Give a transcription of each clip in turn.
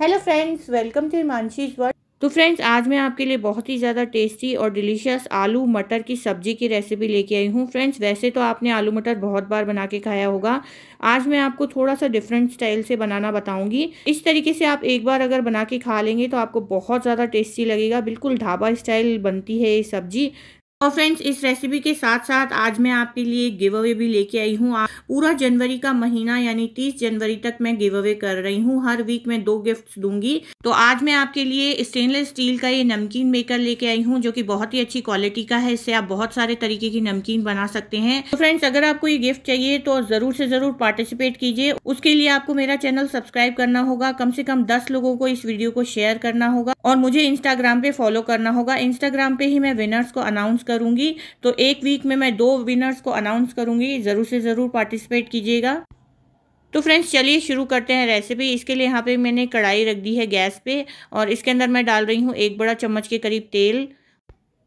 hello friends welcome to Himanshi's world तो friends आज मैं आपके लिए बहुत ही ज़्यादा टेस्टी और डिलीशियस आलू मटर की सब्ज़ी की रेसिपी लेके आई हूँ फ्रेंड्स वैसे तो आपने आलू मटर बहुत बार बना के खाया होगा आज मैं आपको थोड़ा सा डिफरेंट स्टाइल से बनाना बताऊँगी इस तरीके से आप एक बार अगर बना के खा लेंगे तो आपको बहुत ज़्यादा टेस्टी लगेगा बिल्कुल ढाबा स्टाइल बनती है ये सब्ज़ी और फ्रेंड्स इस रेसिपी के साथ साथ आज मैं आपके लिए गिव अवे भी लेके आई हूँ पूरा जनवरी का महीना यानी 30 जनवरी तक मैं गिव अवे कर रही हूँ हर वीक मैं दो गिफ्ट्स दूंगी तो आज मैं आपके लिए स्टेनलेस स्टील का ये नमकीन मेकर लेके आई हूँ जो कि बहुत ही अच्छी क्वालिटी का है इससे आप बहुत सारे तरीके की नमकीन बना सकते हैं तो फ्रेंड्स अगर आपको ये गिफ्ट चाहिए तो ज़रूर से ज़रूर पार्टिसिपेट कीजिए उसके लिए आपको मेरा चैनल सब्सक्राइब करना होगा कम से कम दस लोगों को इस वीडियो को शेयर करना होगा और मुझे इंस्टाग्राम पे फॉलो करना होगा इंस्टाग्राम पे ही मैं विनर्स को अनाउंस करूँगी तो एक वीक में मैं दो विनर्स को अनाउंस करूंगी ज़रूर से ज़रूर पार्टिसिपेट कीजिएगा तो फ्रेंड्स चलिए शुरू करते हैं रेसिपी इसके लिए यहाँ पे मैंने कढ़ाई रख दी है गैस पे और इसके अंदर मैं डाल रही हूँ एक बड़ा चम्मच के करीब तेल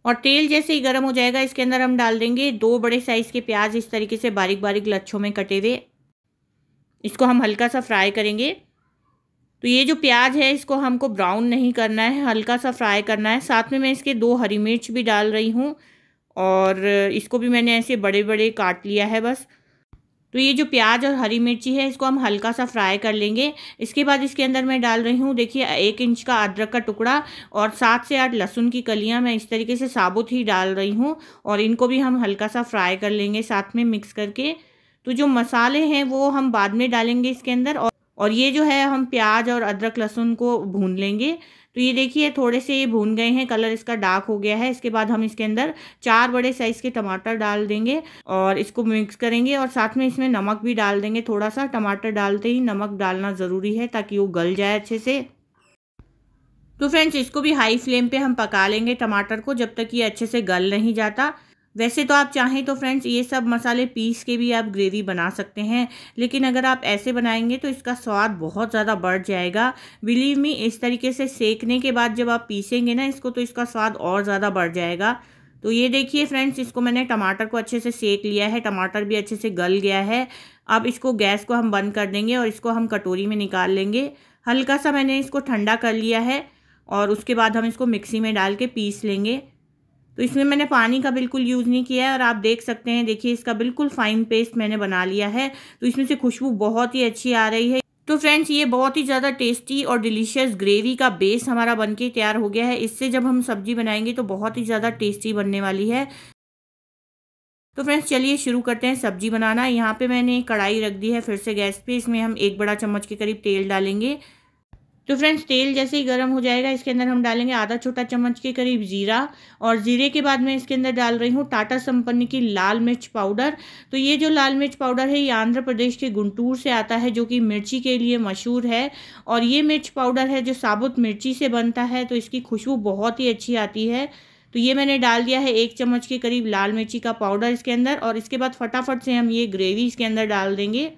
और तेल जैसे ही गर्म हो जाएगा इसके अंदर हम डाल देंगे दो बड़े साइज़ के प्याज इस तरीके से बारीक बारीक लच्छों में कटे हुए इसको हम हल्का सा फ्राई करेंगे तो ये जो प्याज है इसको हमको ब्राउन नहीं करना है हल्का सा फ्राई करना है साथ में मैं इसके दो हरी मिर्च भी डाल रही हूँ और इसको भी मैंने ऐसे बड़े बड़े काट लिया है बस तो ये जो प्याज और हरी मिर्ची है इसको हम हल्का सा फ्राई कर लेंगे इसके बाद इसके अंदर मैं डाल रही हूँ देखिए एक इंच का अदरक का टुकड़ा और सात से आठ लहसुन की कलियाँ मैं इस तरीके से साबुत ही डाल रही हूँ और इनको भी हम हल्का सा फ्राई कर लेंगे साथ में मिक्स करके तो जो मसाले हैं वो हम बाद में डालेंगे इसके अंदर और और ये जो है हम प्याज और अदरक लहसुन को भून लेंगे तो ये देखिए थोड़े से ये भून गए हैं कलर इसका डार्क हो गया है इसके बाद हम इसके अंदर चार बड़े साइज़ के टमाटर डाल देंगे और इसको मिक्स करेंगे और साथ में इसमें नमक भी डाल देंगे थोड़ा सा टमाटर डालते ही नमक डालना ज़रूरी है ताकि वो गल जाए अच्छे से तो फ्रेंड्स इसको भी हाई फ्लेम पे हम पका लेंगे टमाटर को जब तक ये अच्छे से गल नहीं जाता वैसे तो आप चाहें तो फ्रेंड्स ये सब मसाले पीस के भी आप ग्रेवी बना सकते हैं लेकिन अगर आप ऐसे बनाएंगे तो इसका स्वाद बहुत ज़्यादा बढ़ जाएगा बिलीव मी इस तरीके से सेकने के बाद जब आप पीसेंगे ना इसको तो इसका स्वाद और ज़्यादा बढ़ जाएगा तो ये देखिए फ्रेंड्स इसको मैंने टमाटर को अच्छे से सेक लिया है टमाटर भी अच्छे से गल गया है अब इसको गैस को हम बंद कर देंगे और इसको हम कटोरी में निकाल लेंगे हल्का सा मैंने इसको ठंडा कर लिया है और उसके बाद हम इसको मिक्सी में डाल के पीस लेंगे तो इसमें मैंने पानी का बिल्कुल यूज़ नहीं किया है और आप देख सकते हैं देखिए इसका बिल्कुल फ़ाइन पेस्ट मैंने बना लिया है तो इसमें से खुशबू बहुत ही अच्छी आ रही है तो फ्रेंड्स ये बहुत ही ज़्यादा टेस्टी और डिलीशियस ग्रेवी का बेस हमारा बनके तैयार हो गया है इससे जब हम सब्जी बनाएंगे तो बहुत ही ज़्यादा टेस्टी बनने वाली है तो फ्रेंड्स चलिए शुरू करते हैं सब्जी बनाना यहाँ पे मैंने कढ़ाई रख दी है फिर से गैस पे इसमें हम एक बड़ा चम्मच के करीब तेल डालेंगे तो फ्रेंड्स तेल जैसे ही गर्म हो जाएगा इसके अंदर हम डालेंगे आधा छोटा चम्मच के करीब जीरा और जीरे के बाद मैं इसके अंदर डाल रही हूँ टाटा संपन्न की लाल मिर्च पाउडर तो ये जो लाल मिर्च पाउडर है ये आंध्र प्रदेश के गुंटूर से आता है जो कि मिर्ची के लिए मशहूर है और ये मिर्च पाउडर है जो साबुत मिर्ची से बनता है तो इसकी खुशबू बहुत ही अच्छी आती है तो ये मैंने डाल दिया है एक चम्मच के करीब लाल मिर्ची का पाउडर इसके अंदर और इसके बाद फटाफट से हम ये ग्रेवी इसके अंदर डाल देंगे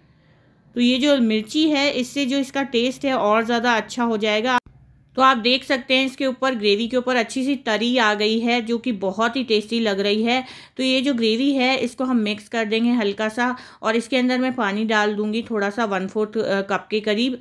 तो ये जो मिर्ची है इससे जो इसका टेस्ट है और ज़्यादा अच्छा हो जाएगा तो आप देख सकते हैं इसके ऊपर ग्रेवी के ऊपर अच्छी सी तरी आ गई है जो कि बहुत ही टेस्टी लग रही है तो ये जो ग्रेवी है इसको हम मिक्स कर देंगे हल्का सा और इसके अंदर मैं पानी डाल दूँगी थोड़ा सा वन फोर्थ कप के करीब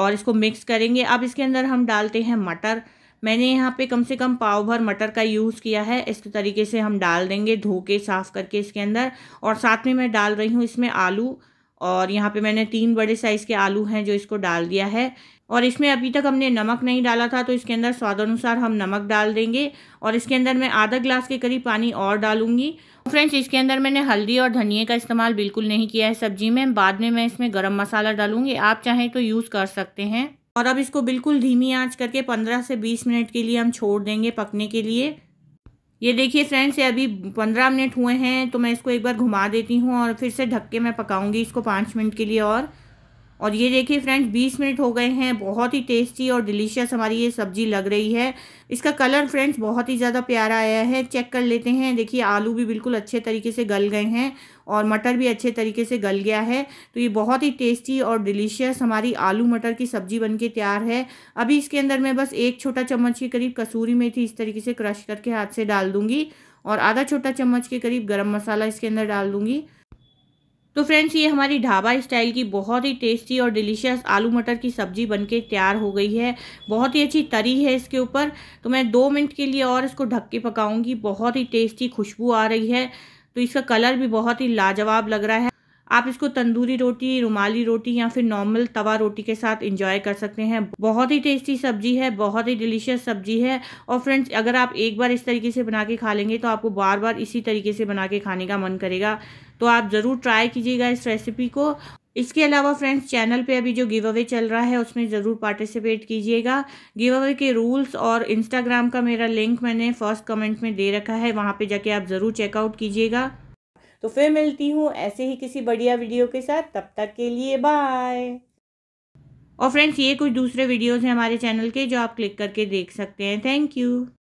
और इसको मिक्स करेंगे अब इसके अंदर हम डालते हैं मटर मैंने यहाँ पे कम से कम पाव भर मटर का यूज़ किया है इस तरीके से हम डाल देंगे धो के साफ़ करके इसके अंदर और साथ में मैं डाल रही हूँ इसमें आलू और यहाँ पे मैंने तीन बड़े साइज़ के आलू हैं जो इसको डाल दिया है और इसमें अभी तक हमने नमक नहीं डाला था तो इसके अंदर स्वाद अनुसार हम नमक डाल देंगे और इसके अंदर मैं आधा ग्लास के करीब पानी और डालूंगी फ्रेंड्स इसके अंदर मैंने हल्दी और धनिए का इस्तेमाल बिल्कुल नहीं किया है सब्जी में बाद में मैं इसमें गर्म मसाला डालूंगी आप चाहें तो यूज़ कर सकते हैं और अब इसको बिल्कुल धीमी आँच करके पंद्रह से बीस मिनट के लिए हम छोड़ देंगे पकने के लिए ये देखिए फ्रेंड्स ये अभी पंद्रह मिनट हुए हैं तो मैं इसको एक बार घुमा देती हूँ और फिर से ढक के मैं पकाऊँगी इसको पाँच मिनट के लिए और और ये देखिए फ्रेंड्स 20 मिनट हो गए हैं बहुत ही टेस्टी और डिलीशियस हमारी ये सब्ज़ी लग रही है इसका कलर फ्रेंड्स बहुत ही ज़्यादा प्यारा आया है चेक कर लेते हैं देखिए आलू भी बिल्कुल अच्छे तरीके से गल गए हैं और मटर भी अच्छे तरीके से गल गया है तो ये बहुत ही टेस्टी और डिलीशियस हमारी आलू मटर की सब्ज़ी बन के तैयार है अभी इसके अंदर मैं बस एक छोटा चम्मच के करीब कसूरी मेथी इस तरीके से क्रश करके हाथ से डाल दूँगी और आधा छोटा चम्मच के करीब गरम मसाला इसके अंदर डाल दूँगी तो फ्रेंड्स ये हमारी ढाबा स्टाइल की बहुत ही टेस्टी और डिलीशियस आलू मटर की सब्ज़ी बनके तैयार हो गई है बहुत ही अच्छी तरी है इसके ऊपर तो मैं दो मिनट के लिए और इसको ढक के पकाऊंगी बहुत ही टेस्टी खुशबू आ रही है तो इसका कलर भी बहुत ही लाजवाब लग रहा है आप इसको तंदूरी रोटी रुमाली रोटी या फिर नॉर्मल तवा रोटी के साथ इंजॉय कर सकते हैं बहुत ही टेस्टी सब्जी है बहुत ही डिलीशियस सब्जी है और फ्रेंड्स अगर आप एक बार इस तरीके से बना के खा लेंगे तो आपको बार बार इसी तरीके से बना के खाने का मन करेगा तो आप ज़रूर ट्राई कीजिएगा इस रेसिपी को इसके अलावा फ्रेंड्स चैनल पे अभी जो गिव अवे चल रहा है उसमें ज़रूर पार्टिसिपेट कीजिएगा गिव अवे के रूल्स और इंस्टाग्राम का मेरा लिंक मैंने फर्स्ट कमेंट में दे रखा है वहाँ पे जाके आप ज़रूर चेकआउट कीजिएगा तो फिर मिलती हूँ ऐसे ही किसी बढ़िया वीडियो के साथ तब तक के लिए बाय और फ्रेंड्स ये कुछ दूसरे वीडियोज़ हैं हमारे चैनल के जो आप क्लिक करके देख सकते हैं थैंक यू